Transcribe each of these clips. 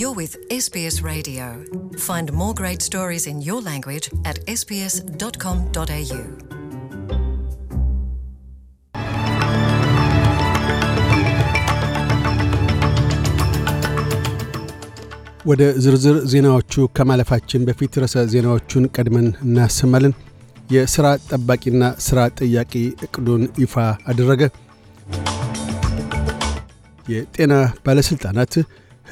You're with SBS Radio. Find more great stories in your language at sbs.com.au. ወደ ዝርዝር ዜናዎቹ ከማለፋችን በፊት ርዕሰ ዜናዎቹን ቀድመን እናሰማለን። የሥራ ጠባቂና ሥራ ጠያቂ ዕቅዱን ይፋ አደረገ። የጤና ባለሥልጣናት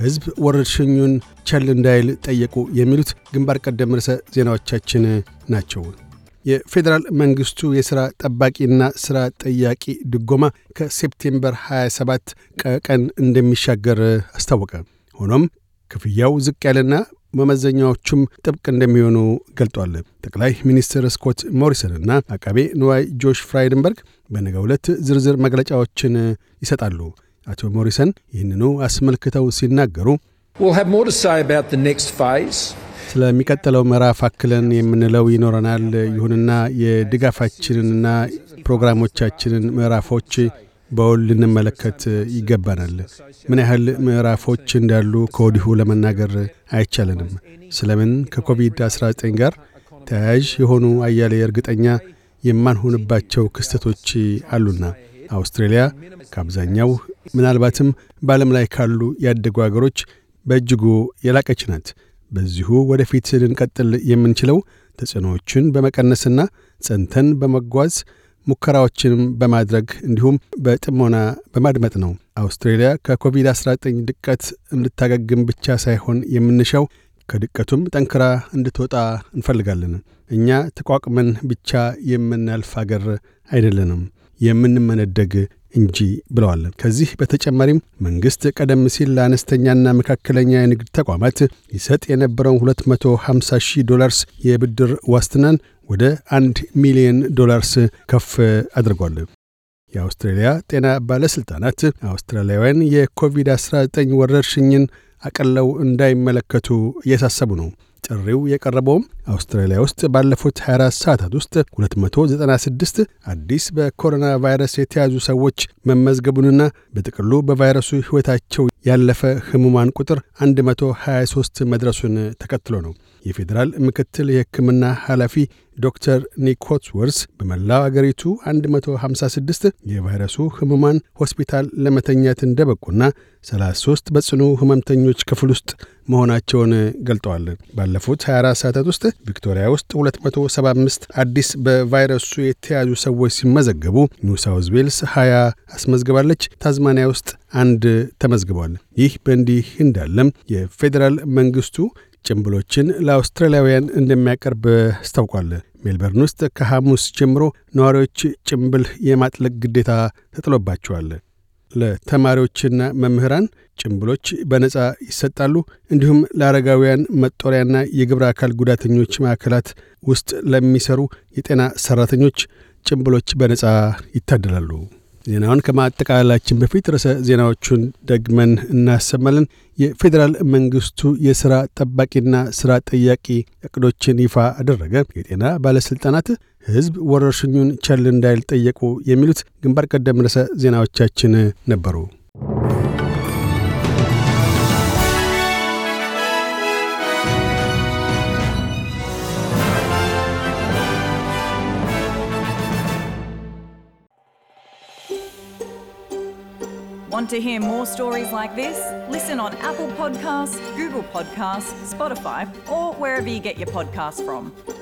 ሕዝብ ወረርሽኙን ቸል እንዳይል ጠየቁ የሚሉት ግንባር ቀደም ርዕሰ ዜናዎቻችን ናቸው። የፌዴራል መንግሥቱ የሥራ ጠባቂና ሥራ ጠያቂ ድጎማ ከሴፕቴምበር 27 ቀን እንደሚሻገር አስታወቀ። ሆኖም ክፍያው ዝቅ ያለና መመዘኛዎቹም ጥብቅ እንደሚሆኑ ገልጧል። ጠቅላይ ሚኒስትር ስኮት እና አቃቤ ንዋይ ጆሽ ፍራይድንበርግ በነገ ዕለት ዝርዝር መግለጫዎችን ይሰጣሉ። አቶ ሞሪሰን ይህንኑ አስመልክተው ሲናገሩ ስለሚቀጥለው ምዕራፍ አክለን የምንለው ይኖረናል። ይሁንና የድጋፋችንንና ፕሮግራሞቻችንን ምዕራፎች በውል ልንመለከት ይገባናል። ምን ያህል ምዕራፎች እንዳሉ ከወዲሁ ለመናገር አይቻለንም። ስለምን ከኮቪድ-19 ጋር ተያያዥ የሆኑ አያሌ እርግጠኛ የማንሆንባቸው ክስተቶች አሉና አውስትሬልያ ከአብዛኛው ምናልባትም በዓለም ላይ ካሉ ያደጉ አገሮች በእጅጉ የላቀች ናት። በዚሁ ወደፊት ልንቀጥል የምንችለው ተጽዕኖዎችን በመቀነስና ጸንተን በመጓዝ ሙከራዎችንም በማድረግ እንዲሁም በጥሞና በማድመጥ ነው። አውስትሬልያ ከኮቪድ-19 ድቀት እንድታገግም ብቻ ሳይሆን የምንሻው ከድቀቱም ጠንክራ እንድትወጣ እንፈልጋለን። እኛ ተቋቁመን ብቻ የምናልፍ አገር አይደለንም። የምንመነደግ እንጂ ብለዋል። ከዚህ በተጨማሪም መንግሥት ቀደም ሲል ለአነስተኛና መካከለኛ የንግድ ተቋማት ይሰጥ የነበረውን 250 ሺህ ዶላርስ የብድር ዋስትናን ወደ 1 ሚሊዮን ዶላርስ ከፍ አድርጓል። የአውስትራሊያ ጤና ባለሥልጣናት አውስትራሊያውያን የኮቪድ-19 ወረርሽኝን አቀለው እንዳይመለከቱ እያሳሰቡ ነው። ጥሪው የቀረበውም አውስትራሊያ ውስጥ ባለፉት 24 ሰዓታት ውስጥ 296 አዲስ በኮሮና ቫይረስ የተያዙ ሰዎች መመዝገቡንና በጥቅሉ በቫይረሱ ሕይወታቸው ያለፈ ህሙማን ቁጥር 123 መድረሱን ተከትሎ ነው። የፌዴራል ምክትል የሕክምና ኃላፊ ዶክተር ኒክ ሆትስወርስ በመላው አገሪቱ 156 የቫይረሱ ህሙማን ሆስፒታል ለመተኛት እንደበቁና 33 በጽኑ ህመምተኞች ክፍል ውስጥ መሆናቸውን ገልጠዋል። ባለፉት 24 ሰዓታት ውስጥ ቪክቶሪያ ውስጥ 275 አዲስ በቫይረሱ የተያዙ ሰዎች ሲመዘገቡ ኒው ሳውዝ ዌልስ 20 አስመዝግባለች። ታዝማኒያ ውስጥ አንድ ተመዝግቧል። ይህ በእንዲህ እንዳለም የፌዴራል መንግስቱ ጭንብሎችን ለአውስትራሊያውያን እንደሚያቀርብ አስታውቋል። ሜልበርን ውስጥ ከሐሙስ ጀምሮ ነዋሪዎች ጭንብል የማጥለቅ ግዴታ ተጥሎባቸዋል። ለተማሪዎችና መምህራን ጭንብሎች በነፃ ይሰጣሉ። እንዲሁም ለአረጋውያን መጦሪያና የግብረ አካል ጉዳተኞች ማዕከላት ውስጥ ለሚሰሩ የጤና ሰራተኞች ጭንብሎች በነፃ ይታደላሉ። ዜናውን ከማጠቃላላችን በፊት ርዕሰ ዜናዎቹን ደግመን እናሰማለን። የፌዴራል መንግስቱ የሥራ ጠባቂና ሥራ ጠያቂ እቅዶችን ይፋ አደረገ። የጤና ባለሥልጣናት ወረርሽኙን ቸል እንዳይል ጠየቁ የሚሉት ግንባር ቀደም ርዕሰ ዜናዎቻችን ነበሩ። Want to hear more stories like this? Listen on Apple Podcasts, Google Podcasts, Spotify, or wherever you get your podcasts from.